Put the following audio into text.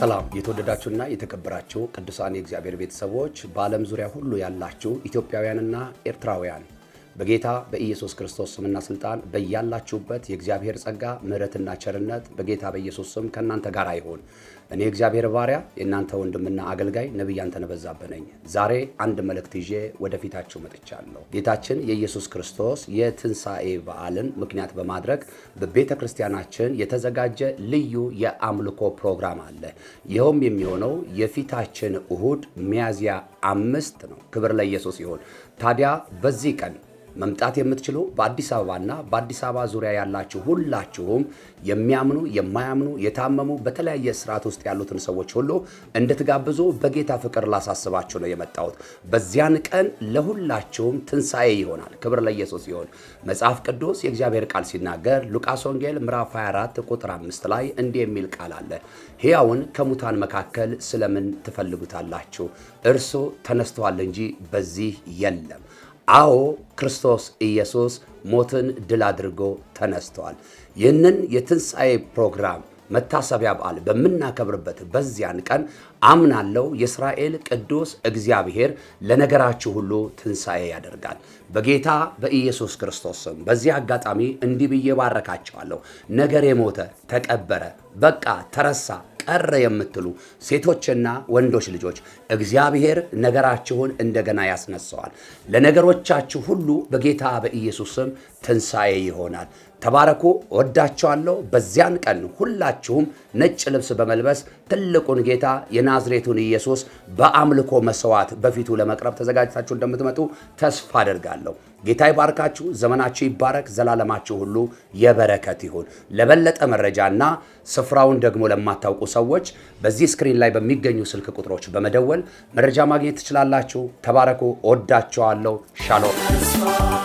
ሰላም የተወደዳችሁና የተከበራችሁ ቅዱሳን የእግዚአብሔር ቤተሰቦች በዓለም ዙሪያ ሁሉ ያላችሁ ኢትዮጵያውያንና ኤርትራውያን በጌታ በኢየሱስ ክርስቶስ ስምና ስልጣን በያላችሁበት የእግዚአብሔር ጸጋ ምሕረትና ቸርነት በጌታ በኢየሱስ ስም ከእናንተ ጋር አይሆን። እኔ እግዚአብሔር ባሪያ የእናንተ ወንድምና አገልጋይ ነቢይ አንተነህ በዛብህ ነኝ። ዛሬ አንድ መልእክት ይዤ ወደፊታችሁ መጥቻለሁ። ጌታችን የኢየሱስ ክርስቶስ የትንሣኤ በዓልን ምክንያት በማድረግ በቤተ ክርስቲያናችን የተዘጋጀ ልዩ የአምልኮ ፕሮግራም አለ። ይኸውም የሚሆነው የፊታችን እሁድ ሚያዝያ አምስት ነው። ክብር ለኢየሱስ ይሁን። ታዲያ በዚህ ቀን መምጣት የምትችሉ በአዲስ አበባና በአዲስ አበባ ዙሪያ ያላችሁ ሁላችሁም የሚያምኑ የማያምኑ፣ የታመሙ በተለያየ ስርዓት ውስጥ ያሉትን ሰዎች ሁሉ እንድትጋብዙ በጌታ ፍቅር ላሳስባችሁ ነው የመጣሁት። በዚያን ቀን ለሁላችሁም ትንሣኤ ይሆናል። ክብር ለኢየሱስ ይሆን። መጽሐፍ ቅዱስ የእግዚአብሔር ቃል ሲናገር ሉቃስ ወንጌል ምዕራፍ 24 ቁጥር 5 ላይ እንዲህ የሚል ቃል አለ። ሕያውን ከሙታን መካከል ስለምን ትፈልጉታላችሁ? እርሱ ተነስተዋል እንጂ በዚህ የለም። አዎ ክርስቶስ ኢየሱስ ሞትን ድል አድርጎ ተነስቷል። ይህንን የትንሣኤ ፕሮግራም መታሰቢያ በዓል በምናከብርበት በዚያን ቀን አምናለው የእስራኤል ቅዱስ እግዚአብሔር ለነገራችሁ ሁሉ ትንሣኤ ያደርጋል። በጌታ በኢየሱስ ክርስቶስ ስም በዚህ አጋጣሚ እንዲህ ብዬ ባረካቸዋለሁ። ነገር የሞተ ተቀበረ፣ በቃ ተረሳ ቀረ የምትሉ ሴቶችና ወንዶች ልጆች እግዚአብሔር ነገራችሁን እንደገና ያስነሳዋል። ለነገሮቻችሁ ሁሉ በጌታ በኢየሱስ ስም ትንሣኤ ይሆናል። ተባረኩ። ወዳቸዋለሁ። በዚያን ቀን ሁላችሁም ነጭ ልብስ በመልበስ ትልቁን ጌታ የናዝሬቱን ኢየሱስ በአምልኮ መስዋዕት በፊቱ ለመቅረብ ተዘጋጅታችሁ እንደምትመጡ ተስፋ አደርጋለሁ። ጌታ ይባርካችሁ። ዘመናችሁ ይባረክ። ዘላለማችሁ ሁሉ የበረከት ይሁን። ለበለጠ መረጃና ስፍራውን ደግሞ ለማታውቁ ሰዎች በዚህ ስክሪን ላይ በሚገኙ ስልክ ቁጥሮች በመደወል መረጃ ማግኘት ትችላላችሁ። ተባረኩ። ወዳቸዋለሁ። ሻሎም